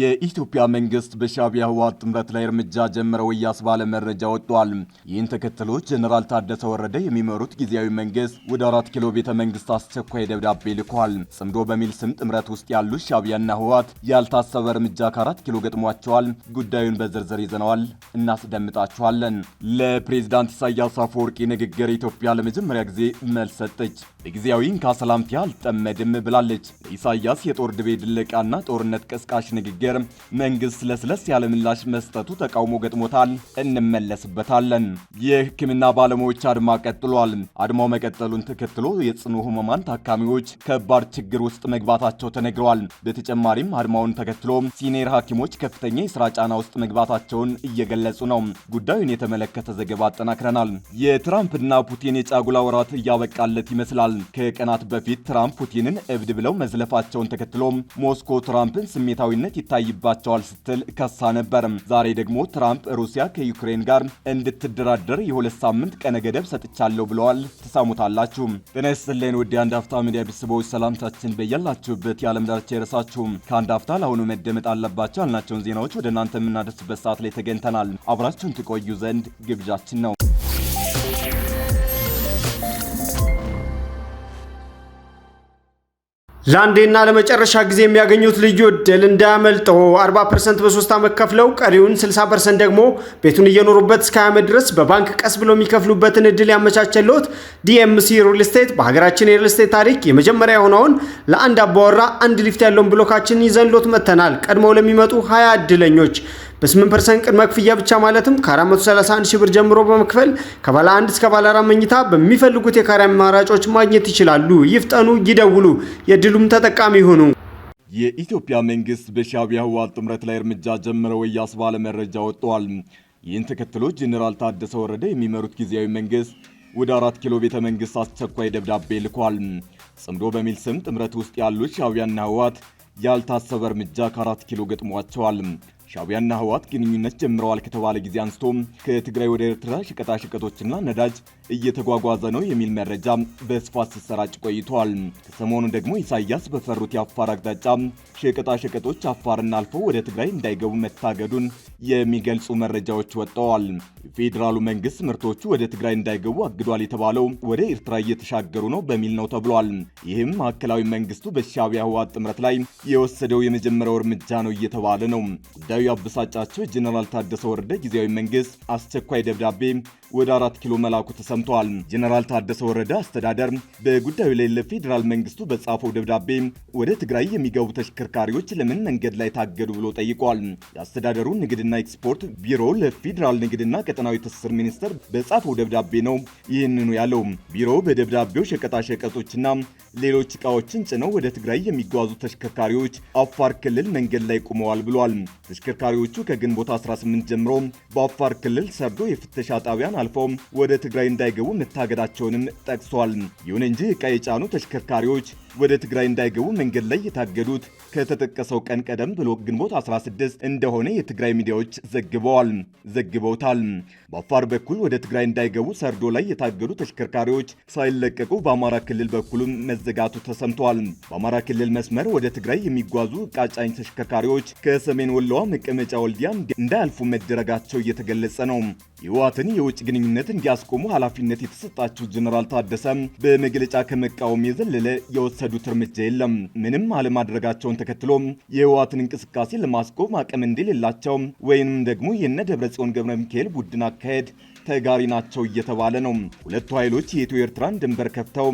የኢትዮጵያ መንግስት በሻቢያ ህወሓት ጥምረት ላይ እርምጃ ጀምረው እያስባለ መረጃ ወጥቷል። ይህን ተከትሎ ጀኔራል ታደሰ ወረደ የሚመሩት ጊዜያዊ መንግስት ወደ አራት ኪሎ ቤተ መንግስት አስቸኳይ ደብዳቤ ልኳል። ጽምዶ በሚል ስም ጥምረት ውስጥ ያሉት ሻቢያና ህወሓት ያልታሰበ እርምጃ ከአራት ኪሎ ገጥሟቸዋል። ጉዳዩን በዝርዝር ይዘነዋል፣ እናስደምጣችኋለን። ለፕሬዚዳንት ኢሳያስ አፈወርቂ ንግግር ኢትዮጵያ ለመጀመሪያ ጊዜ መልስ ሰጠች። በጊዜያዊ እንካ ሰላምታ አልጠመድም ብላለች። ለኢሳያስ የጦር ድቤ ድለቃና ጦርነት ቀስቃሽ ንግግር ሚኒስቴር መንግስት ለስለስ ያለ ምላሽ መስጠቱ ተቃውሞ ገጥሞታል። እንመለስበታለን። የህክምና ባለሙያዎች አድማ ቀጥሏል። አድማው መቀጠሉን ተከትሎ የጽኑ ህሙማን ታካሚዎች ከባድ ችግር ውስጥ መግባታቸው ተነግረዋል። በተጨማሪም አድማውን ተከትሎ ሲኒየር ሐኪሞች ከፍተኛ የስራ ጫና ውስጥ መግባታቸውን እየገለጹ ነው። ጉዳዩን የተመለከተ ዘገባ አጠናክረናል። የትራምፕና ፑቲን የጫጉላ ወራት እያበቃለት ይመስላል። ከቀናት በፊት ትራምፕ ፑቲንን እብድ ብለው መዝለፋቸውን ተከትሎ ሞስኮ ትራምፕን ስሜታዊነት ይታ ይታይባቸዋል ስትል ከሳ ነበር። ዛሬ ደግሞ ትራምፕ ሩሲያ ከዩክሬን ጋር እንድትደራደር የሁለት ሳምንት ቀነ ገደብ ሰጥቻለሁ ብለዋል። ትሳሙታላችሁ። ጤና ይስጥልኝ ውድ የአንድ አፍታ ሚዲያ ቤተሰቦች፣ ሰላምታችን በያላችሁበት የዓለም ዳርቻ ይድረሳችሁ። ከአንድ አፍታ ለአሁኑ መደመጥ አለባቸው ያልናቸውን ዜናዎች ወደ እናንተ የምናደርስበት ሰዓት ላይ ተገኝተናል። አብራችሁን ትቆዩ ዘንድ ግብዣችን ነው። ለአንዴና ለመጨረሻ ጊዜ የሚያገኙት ልዩ እድል እንዳያመልጠው 40 ፐርሰንት በሶስት ዓመት ከፍለው ቀሪውን 60 ፐርሰንት ደግሞ ቤቱን እየኖሩበት እስከ ዓመት ድረስ በባንክ ቀስ ብሎ የሚከፍሉበትን እድል ያመቻቸልዎት ዲኤምሲ ሪል ስቴት በሀገራችን የሪል ስቴት ታሪክ የመጀመሪያ የሆነውን ለአንድ አባወራ አንድ ሊፍት ያለውን ብሎካችን ይዘንሎት መጥተናል። ቀድመው ለሚመጡ 20 እድለኞች በ8 ፐርሰንት ቅድመ ክፍያ ብቻ ማለትም ከ431 ሺህ ብር ጀምሮ በመክፈል ከባለ አንድ እስከ ባለ አራት መኝታ በሚፈልጉት የካሬ አማራጮች ማግኘት ይችላሉ። ይፍጠኑ፣ ይደውሉ፣ የድሉም ተጠቃሚ ይሁኑ። የኢትዮጵያ መንግስት በሻቢያ ህወሓት ጥምረት ላይ እርምጃ ጀምረው እያስባለ መረጃ ወጥቷል። ይህን ተከትሎ ጄኔራል ታደሰ ወረደ የሚመሩት ጊዜያዊ መንግስት ወደ አራት ኪሎ ቤተ መንግስት አስቸኳይ ደብዳቤ ልኳል። ጽምዶ በሚል ስም ጥምረት ውስጥ ያሉት ሻቢያና ህወሓት ያልታሰበ እርምጃ ከአራት ኪሎ ገጥሟቸዋል። ሻቢያና ህወሓት ግንኙነት ጀምረዋል ከተባለ ጊዜ አንስቶ ከትግራይ ወደ ኤርትራ ሸቀጣሸቀጦችና ነዳጅ እየተጓጓዘ ነው የሚል መረጃ በስፋት ሲሰራጭ ቆይቷል። ከሰሞኑ ደግሞ ኢሳያስ በፈሩት የአፋር አቅጣጫ ሸቀጣሸቀጦች አፋርን አልፈው ወደ ትግራይ እንዳይገቡ መታገዱን የሚገልጹ መረጃዎች ወጥተዋል። የፌዴራሉ መንግስት ምርቶቹ ወደ ትግራይ እንዳይገቡ አግዷል የተባለው ወደ ኤርትራ እየተሻገሩ ነው በሚል ነው ተብሏል። ይህም ማዕከላዊ መንግስቱ በሻቢያ ህወሓት ጥምረት ላይ የወሰደው የመጀመሪያው እርምጃ ነው እየተባለ ነው። ጉዳዩ አበሳጫቸው የጀኔራል ታደሰ ወረደ ጊዜያዊ መንግስት አስቸኳይ ደብዳቤ ወደ አራት ኪሎ መላኩ ተሰማ ተቀምጧል። ጀነራል ታደሰ ወረደ አስተዳደር በጉዳዩ ላይ ለፌዴራል መንግስቱ በጻፈው ደብዳቤ ወደ ትግራይ የሚገቡ ተሽከርካሪዎች ለምን መንገድ ላይ ታገዱ ብሎ ጠይቋል። የአስተዳደሩ ንግድና ኤክስፖርት ቢሮ ለፌዴራል ንግድና ቀጠናዊ ትስስር ሚኒስቴር በጻፈው ደብዳቤ ነው ይህንኑ ያለው። ቢሮው በደብዳቤው ሸቀጣሸቀጦችና ሌሎች እቃዎችን ጭነው ወደ ትግራይ የሚጓዙ ተሽከርካሪዎች አፋር ክልል መንገድ ላይ ቆመዋል ብሏል። ተሽከርካሪዎቹ ከግንቦት 18 ጀምሮ በአፋር ክልል ሰርዶ የፍተሻ ጣቢያን አልፈው ወደ ትግራይ እንዳይ እንዳይገቡ መታገዳቸውንም ጠቅሷል። ይሁን እንጂ ዕቃ የጫኑ ተሽከርካሪዎች ወደ ትግራይ እንዳይገቡ መንገድ ላይ የታገዱት ከተጠቀሰው ቀን ቀደም ብሎ ግንቦት 16 እንደሆነ የትግራይ ሚዲያዎች ዘግበዋል ዘግበውታል። በአፋር በኩል ወደ ትግራይ እንዳይገቡ ሰርዶ ላይ የታገዱ ተሽከርካሪዎች ሳይለቀቁ በአማራ ክልል በኩልም መዘጋቱ ተሰምቷል። በአማራ ክልል መስመር ወደ ትግራይ የሚጓዙ ቃጫኝ ተሽከርካሪዎች ከሰሜን ወሎዋ መቀመጫ ወልዲያ እንዳያልፉ መደረጋቸው እየተገለጸ ነው። የህወሓትን የውጭ ግንኙነት እንዲያስቆሙ ኃላፊነት የተሰጣቸው ጀኔራል ታደሰ በመግለጫ ከመቃወም የዘለለ የወሰ የወሰዱት እርምጃ የለም። ምንም አለማድረጋቸውን ተከትሎ የህወሓትን እንቅስቃሴ ለማስቆም አቅም እንደሌላቸው ወይንም ደግሞ የነ ደብረጽዮን ገብረ ሚካኤል ቡድን አካሄድ ተጋሪ ናቸው እየተባለ ነው። ሁለቱ ኃይሎች የኢትዮ ኤርትራን ድንበር ከፍተው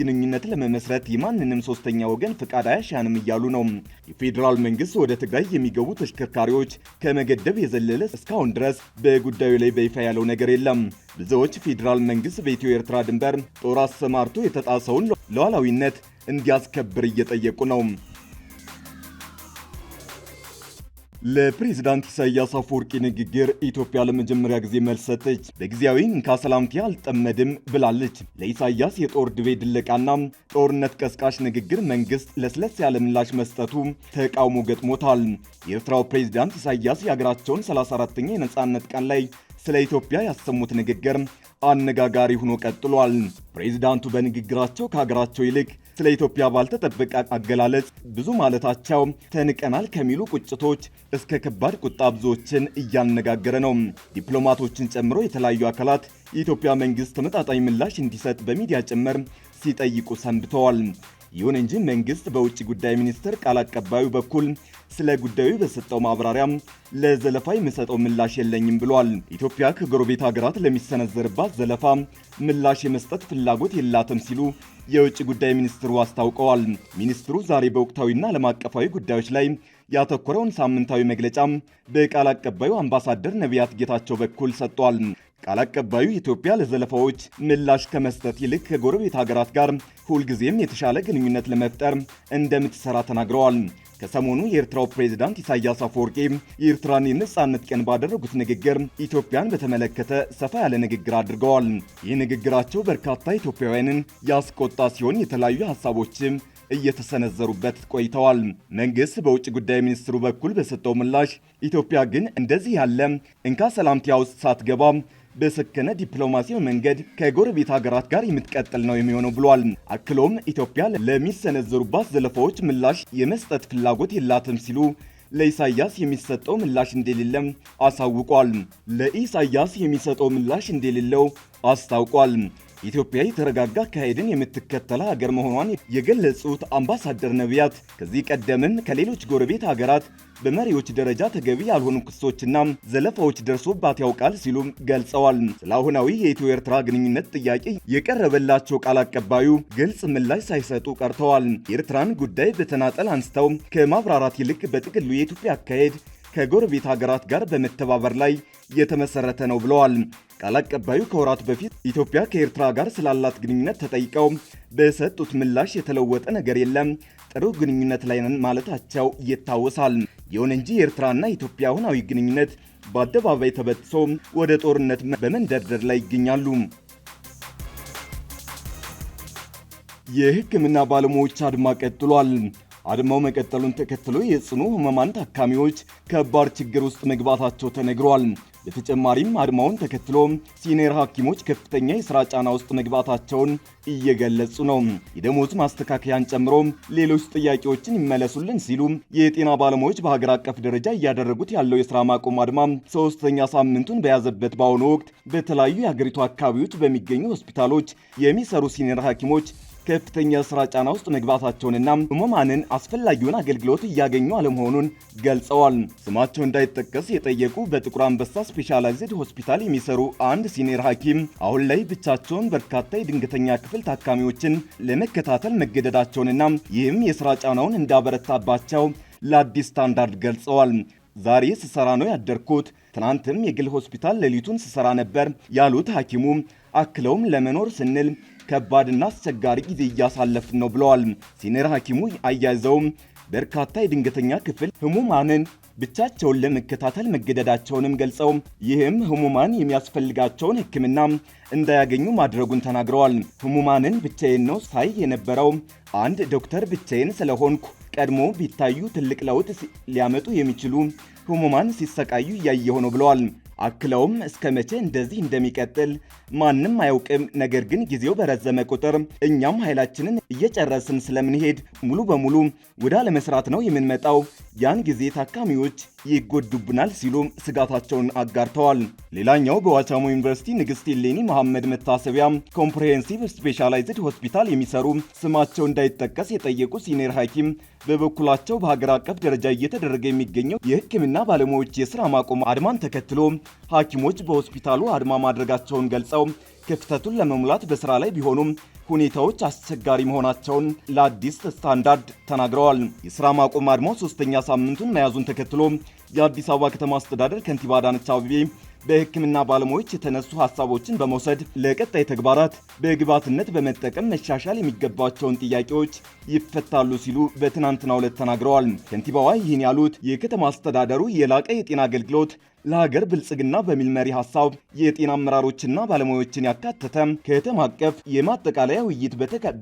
ግንኙነት ለመመስረት የማንንም ሶስተኛ ወገን ፍቃድ አያሻንም እያሉ ነው። የፌዴራል መንግስት ወደ ትግራይ የሚገቡ ተሽከርካሪዎች ከመገደብ የዘለለ እስካሁን ድረስ በጉዳዩ ላይ በይፋ ያለው ነገር የለም። ብዙዎች ፌዴራል መንግስት በኢትዮ ኤርትራ ድንበር ጦር አሰማርቶ የተጣሰውን ሉዓላዊነት እንዲያስከብር እየጠየቁ ነው። ለፕሬዝዳንት ኢሳያስ አፈወርቂ ንግግር ኢትዮጵያ ለመጀመሪያ ጊዜ መልስ ሰጠች። በጊዜያዊ እንካ ሰላምቲ አልጠመድም ብላለች። ለኢሳያስ የጦር ድቤ ድለቃና ጦርነት ቀስቃሽ ንግግር መንግስት ለስለስ ያለ ምላሽ መስጠቱ ተቃውሞ ገጥሞታል። የኤርትራው ፕሬዝዳንት ኢሳያስ የሀገራቸውን 34 ተኛ የነፃነት ቀን ላይ ስለ ኢትዮጵያ ያሰሙት ንግግር አነጋጋሪ ሆኖ ቀጥሏል። ፕሬዝዳንቱ በንግግራቸው ከሀገራቸው ይልቅ ስለ ኢትዮጵያ ባልተጠበቀ አገላለጽ ብዙ ማለታቸው ተንቀናል ከሚሉ ቁጭቶች እስከ ከባድ ቁጣ ብዙዎችን እያነጋገረ ነው። ዲፕሎማቶችን ጨምሮ የተለያዩ አካላት የኢትዮጵያ መንግስት ተመጣጣኝ ምላሽ እንዲሰጥ በሚዲያ ጭምር ሲጠይቁ ሰንብተዋል። ይሁን እንጂ መንግስት በውጭ ጉዳይ ሚኒስቴር ቃል አቀባዩ በኩል ስለ ጉዳዩ በሰጠው ማብራሪያም ለዘለፋ የምሰጠው ምላሽ የለኝም ብሏል። ኢትዮጵያ ከጎረቤት ሀገራት ለሚሰነዘርባት ዘለፋ ምላሽ የመስጠት ፍላጎት የላትም ሲሉ የውጭ ጉዳይ ሚኒስትሩ አስታውቀዋል። ሚኒስትሩ ዛሬ በወቅታዊና ዓለም አቀፋዊ ጉዳዮች ላይ ያተኮረውን ሳምንታዊ መግለጫም በቃል አቀባዩ አምባሳደር ነቢያት ጌታቸው በኩል ሰጥቷል። ቃል አቀባዩ ኢትዮጵያ ለዘለፋዎች ምላሽ ከመስጠት ይልቅ ከጎረቤት ሀገራት ጋር ሁልጊዜም የተሻለ ግንኙነት ለመፍጠር እንደምትሰራ ተናግረዋል። ከሰሞኑ የኤርትራው ፕሬዝዳንት ኢሳያስ አፈወርቂ የኤርትራን የነጻነት ቀን ባደረጉት ንግግር ኢትዮጵያን በተመለከተ ሰፋ ያለ ንግግር አድርገዋል። ይህ ንግግራቸው በርካታ ኢትዮጵያውያንን ያስቆጣ ሲሆን የተለያዩ ሀሳቦችም እየተሰነዘሩበት ቆይተዋል። መንግስት በውጭ ጉዳይ ሚኒስትሩ በኩል በሰጠው ምላሽ ኢትዮጵያ ግን እንደዚህ ያለ እንካ ሰላምቲያ ውስጥ ሳትገባ በሰከነ ዲፕሎማሲያዊ መንገድ ከጎረቤት ሀገራት ጋር የምትቀጥል ነው የሚሆነው ብሏል። አክሎም ኢትዮጵያ ለሚሰነዘሩባት ዘለፋዎች ምላሽ የመስጠት ፍላጎት የላትም ሲሉ ለኢሳያስ የሚሰጠው ምላሽ እንደሌለም አሳውቋል። ለኢሳያስ የሚሰጠው ምላሽ እንደሌለው አስታውቋል። ኢትዮጵያ የተረጋጋ አካሄድን የምትከተል ሀገር መሆኗን የገለጹት አምባሳደር ነቢያት ከዚህ ቀደምም ከሌሎች ጎረቤት ሀገራት በመሪዎች ደረጃ ተገቢ ያልሆኑ ክሶችና ዘለፋዎች ደርሶባት ያውቃል ሲሉም ገልጸዋል። ስለ አሁናዊ የኢትዮ ኤርትራ ግንኙነት ጥያቄ የቀረበላቸው ቃል አቀባዩ ግልጽ ምላሽ ሳይሰጡ ቀርተዋል። የኤርትራን ጉዳይ በተናጠል አንስተው ከማብራራት ይልቅ በጥቅሉ የኢትዮጵያ አካሄድ ከጎረቤት ሀገራት ጋር በመተባበር ላይ የተመሰረተ ነው ብለዋል። ቃል አቀባዩ ከወራት በፊት ኢትዮጵያ ከኤርትራ ጋር ስላላት ግንኙነት ተጠይቀው በሰጡት ምላሽ የተለወጠ ነገር የለም፣ ጥሩ ግንኙነት ላይ ነን ማለታቸው ይታወሳል። ይሁን እንጂ የኤርትራና ኢትዮጵያ አሁናዊ ግንኙነት በአደባባይ ተበጥሶ ወደ ጦርነት በመንደርደር ላይ ይገኛሉ። የሕክምና ባለሙያዎች አድማ ቀጥሏል። አድማው መቀጠሉን ተከትሎ የጽኑ ህመማን ታካሚዎች ከባድ ችግር ውስጥ መግባታቸው ተነግሯል። በተጨማሪም አድማውን ተከትሎ ሲኒየር ሐኪሞች ከፍተኛ የሥራ ጫና ውስጥ መግባታቸውን እየገለጹ ነው። የደሞዝ ማስተካከያን ጨምሮ ሌሎች ጥያቄዎችን ይመለሱልን ሲሉ የጤና ባለሙያዎች በሀገር አቀፍ ደረጃ እያደረጉት ያለው የሥራ ማቆም አድማ ሦስተኛ ሳምንቱን በያዘበት በአሁኑ ወቅት በተለያዩ የሀገሪቱ አካባቢዎች በሚገኙ ሆስፒታሎች የሚሰሩ ሲኒየር ሐኪሞች ከፍተኛ የስራ ጫና ውስጥ መግባታቸውንና ህሙማንን አስፈላጊውን አገልግሎት እያገኙ አለመሆኑን ገልጸዋል። ስማቸው እንዳይጠቀስ የጠየቁ በጥቁር አንበሳ ስፔሻላይዝድ ሆስፒታል የሚሰሩ አንድ ሲኒየር ሐኪም አሁን ላይ ብቻቸውን በርካታ የድንገተኛ ክፍል ታካሚዎችን ለመከታተል መገደዳቸውንና ይህም የስራ ጫናውን እንዳበረታባቸው ለአዲስ ስታንዳርድ ገልጸዋል። ዛሬ ስሰራ ነው ያደርኩት፣ ትናንትም የግል ሆስፒታል ሌሊቱን ስሰራ ነበር ያሉት ሐኪሙ አክለውም ለመኖር ስንል ከባድና አስቸጋሪ ጊዜ እያሳለፍን ነው ብለዋል። ሲኒየር ሐኪሙ አያይዘውም በርካታ የድንገተኛ ክፍል ህሙማንን ብቻቸውን ለመከታተል መገደዳቸውንም ገልጸው ይህም ህሙማን የሚያስፈልጋቸውን ሕክምና እንዳያገኙ ማድረጉን ተናግረዋል። ህሙማንን ብቻዬን ነው ሳይ የነበረው አንድ ዶክተር ብቻዬን ስለሆንኩ ቀድሞ ቢታዩ ትልቅ ለውጥ ሊያመጡ የሚችሉ ህሙማን ሲሰቃዩ እያየሁ ነው ብለዋል። አክለውም እስከ መቼ እንደዚህ እንደሚቀጥል ማንም አያውቅም። ነገር ግን ጊዜው በረዘመ ቁጥር እኛም ኃይላችንን እየጨረስን ስለምንሄድ ሙሉ በሙሉ ወደ አለመስራት ነው የምንመጣው። ያን ጊዜ ታካሚዎች ይጎዱብናል ሲሉም ስጋታቸውን አጋርተዋል። ሌላኛው በዋቻሞ ዩኒቨርሲቲ ንግስት ሌኒ መሐመድ መታሰቢያ ኮምፕሬሄንሲቭ ስፔሻላይዝድ ሆስፒታል የሚሰሩ ስማቸው እንዳይጠቀስ የጠየቁ ሲኒየር ሐኪም በበኩላቸው በሀገር አቀፍ ደረጃ እየተደረገ የሚገኘው የሕክምና ባለሙያዎች የስራ ማቆም አድማን ተከትሎ ሐኪሞች በሆስፒታሉ አድማ ማድረጋቸውን ገልጸው ክፍተቱን ለመሙላት በስራ ላይ ቢሆኑም ሁኔታዎች አስቸጋሪ መሆናቸውን ለአዲስ ስታንዳርድ ተናግረዋል። የስራ ማቆም አድማው ሶስተኛ ሳምንቱን መያዙን ተከትሎ የአዲስ አበባ ከተማ አስተዳደር ከንቲባ አዳነች አቤቤ በሕክምና ባለሙያዎች የተነሱ ሀሳቦችን በመውሰድ ለቀጣይ ተግባራት በግብዓትነት በመጠቀም መሻሻል የሚገባቸውን ጥያቄዎች ይፈታሉ ሲሉ በትናንትናው ዕለት ተናግረዋል። ከንቲባዋ ይህን ያሉት የከተማ አስተዳደሩ የላቀ የጤና አገልግሎት ለሀገር ብልጽግና በሚል መሪ ሀሳብ የጤና አመራሮችና ባለሙያዎችን ያካተተ ከተማ አቀፍ የማጠቃለያ ውይይት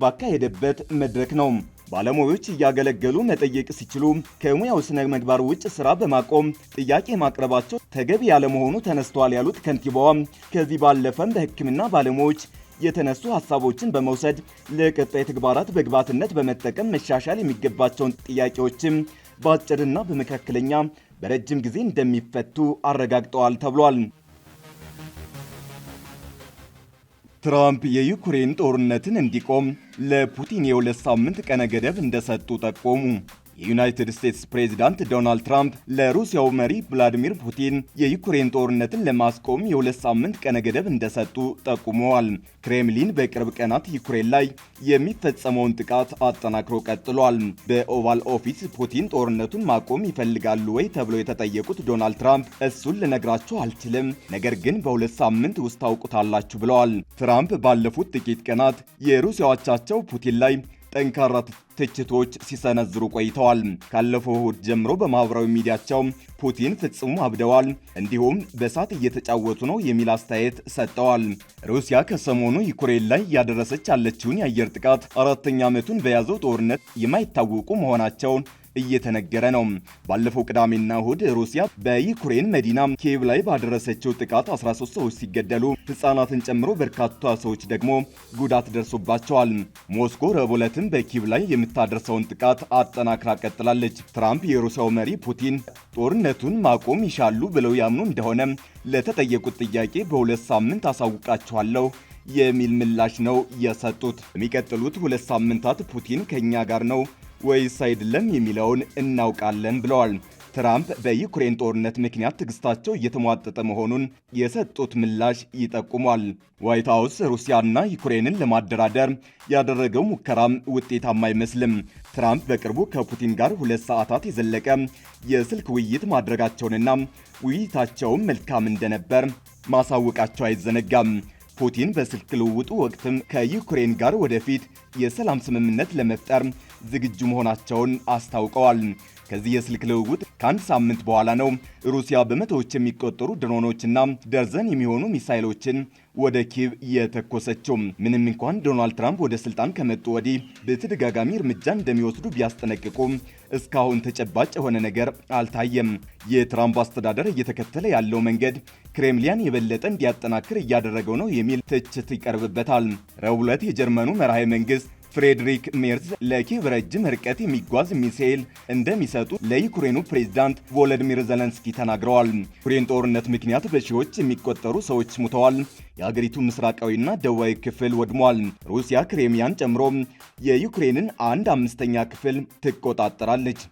ባካሄደበት መድረክ ነው። ባለሙያዎች እያገለገሉ መጠየቅ ሲችሉ ከሙያው ስነ ምግባር ውጭ ስራ በማቆም ጥያቄ ማቅረባቸው ተገቢ ያለመሆኑ ተነስተዋል ያሉት ከንቲባዋ ከዚህ ባለፈም በሕክምና ባለሙያዎች የተነሱ ሀሳቦችን በመውሰድ ለቀጣይ ተግባራት በግብዓትነት በመጠቀም መሻሻል የሚገባቸውን ጥያቄዎችም በአጭርና በመካከለኛ በረጅም ጊዜ እንደሚፈቱ አረጋግጠዋል ተብሏል። ትራምፕ የዩክሬን ጦርነትን እንዲቆም ለፑቲን የሁለት ሳምንት ቀነ ገደብ እንደሰጡ ጠቆሙ። የዩናይትድ ስቴትስ ፕሬዚዳንት ዶናልድ ትራምፕ ለሩሲያው መሪ ቭላዲሚር ፑቲን የዩክሬን ጦርነትን ለማስቆም የሁለት ሳምንት ቀነ ገደብ እንደሰጡ ጠቁመዋል። ክሬምሊን በቅርብ ቀናት ዩክሬን ላይ የሚፈጸመውን ጥቃት አጠናክሮ ቀጥሏል። በኦቫል ኦፊስ ፑቲን ጦርነቱን ማቆም ይፈልጋሉ ወይ ተብለው የተጠየቁት ዶናልድ ትራምፕ እሱን ልነግራችሁ አልችልም፣ ነገር ግን በሁለት ሳምንት ውስጥ ታውቁታላችሁ ብለዋል። ትራምፕ ባለፉት ጥቂት ቀናት የሩሲያዎቻቸው ፑቲን ላይ ጠንካራ ትችቶች ሲሰነዝሩ ቆይተዋል። ካለፈው እሁድ ጀምሮ በማህበራዊ ሚዲያቸው ፑቲን ፍጹም አብደዋል፣ እንዲሁም በእሳት እየተጫወቱ ነው የሚል አስተያየት ሰጥተዋል። ሩሲያ ከሰሞኑ ዩክሬን ላይ እያደረሰች ያለችውን የአየር ጥቃት አራተኛ ዓመቱን በያዘው ጦርነት የማይታወቁ መሆናቸው እየተነገረ ነው። ባለፈው ቅዳሜና እሁድ ሩሲያ በዩክሬን መዲና ኪየቭ ላይ ባደረሰችው ጥቃት 13 ሰዎች ሲገደሉ ሕጻናትን ጨምሮ በርካታ ሰዎች ደግሞ ጉዳት ደርሶባቸዋል። ሞስኮ ረቡዕ ዕለትም በኪየቭ ላይ የምታደርሰውን ጥቃት አጠናክራ ቀጥላለች። ትራምፕ የሩሲያው መሪ ፑቲን ጦርነቱን ማቆም ይሻሉ ብለው ያምኑ እንደሆነ ለተጠየቁት ጥያቄ በሁለት ሳምንት አሳውቃቸኋለሁ የሚል ምላሽ ነው የሰጡት። የሚቀጥሉት ሁለት ሳምንታት ፑቲን ከእኛ ጋር ነው ወይስ አይደለም የሚለውን እናውቃለን ብለዋል። ትራምፕ በዩክሬን ጦርነት ምክንያት ትዕግስታቸው እየተሟጠጠ መሆኑን የሰጡት ምላሽ ይጠቁሟል። ዋይት ሀውስ ሩሲያና ዩክሬንን ለማደራደር ያደረገው ሙከራም ውጤታማ አይመስልም። ትራምፕ በቅርቡ ከፑቲን ጋር ሁለት ሰዓታት የዘለቀ የስልክ ውይይት ማድረጋቸውንና ውይይታቸውም መልካም እንደነበር ማሳወቃቸው አይዘነጋም። ፑቲን በስልክ ልውውጡ ወቅትም ከዩክሬን ጋር ወደፊት የሰላም ስምምነት ለመፍጠር ዝግጁ መሆናቸውን አስታውቀዋል። ከዚህ የስልክ ልውውጥ ከአንድ ሳምንት በኋላ ነው ሩሲያ በመቶዎች የሚቆጠሩ ድሮኖችና ደርዘን የሚሆኑ ሚሳይሎችን ወደ ኪቭ የተኮሰችው። ምንም እንኳን ዶናልድ ትራምፕ ወደ ስልጣን ከመጡ ወዲህ በተደጋጋሚ እርምጃ እንደሚወስዱ ቢያስጠነቅቁ እስካሁን ተጨባጭ የሆነ ነገር አልታየም። የትራምፕ አስተዳደር እየተከተለ ያለው መንገድ ክሬምሊያን የበለጠ እንዲያጠናክር እያደረገው ነው የሚል ትችት ይቀርብበታል። ረቡዕ ዕለት የጀርመኑ መራሄ መንግስት ፍሬድሪክ ሜርዝ ለኪቭ ረጅም ርቀት የሚጓዝ ሚሳኤል እንደሚሰጡ ለዩክሬኑ ፕሬዝዳንት ቮሎዲሚር ዘለንስኪ ተናግረዋል። ዩክሬን ጦርነት ምክንያት በሺዎች የሚቆጠሩ ሰዎች ሙተዋል። የአገሪቱ ምስራቃዊና ደቡባዊ ክፍል ወድሟል። ሩሲያ ክሬሚያን ጨምሮ የዩክሬንን አንድ አምስተኛ ክፍል ትቆጣጠራለች።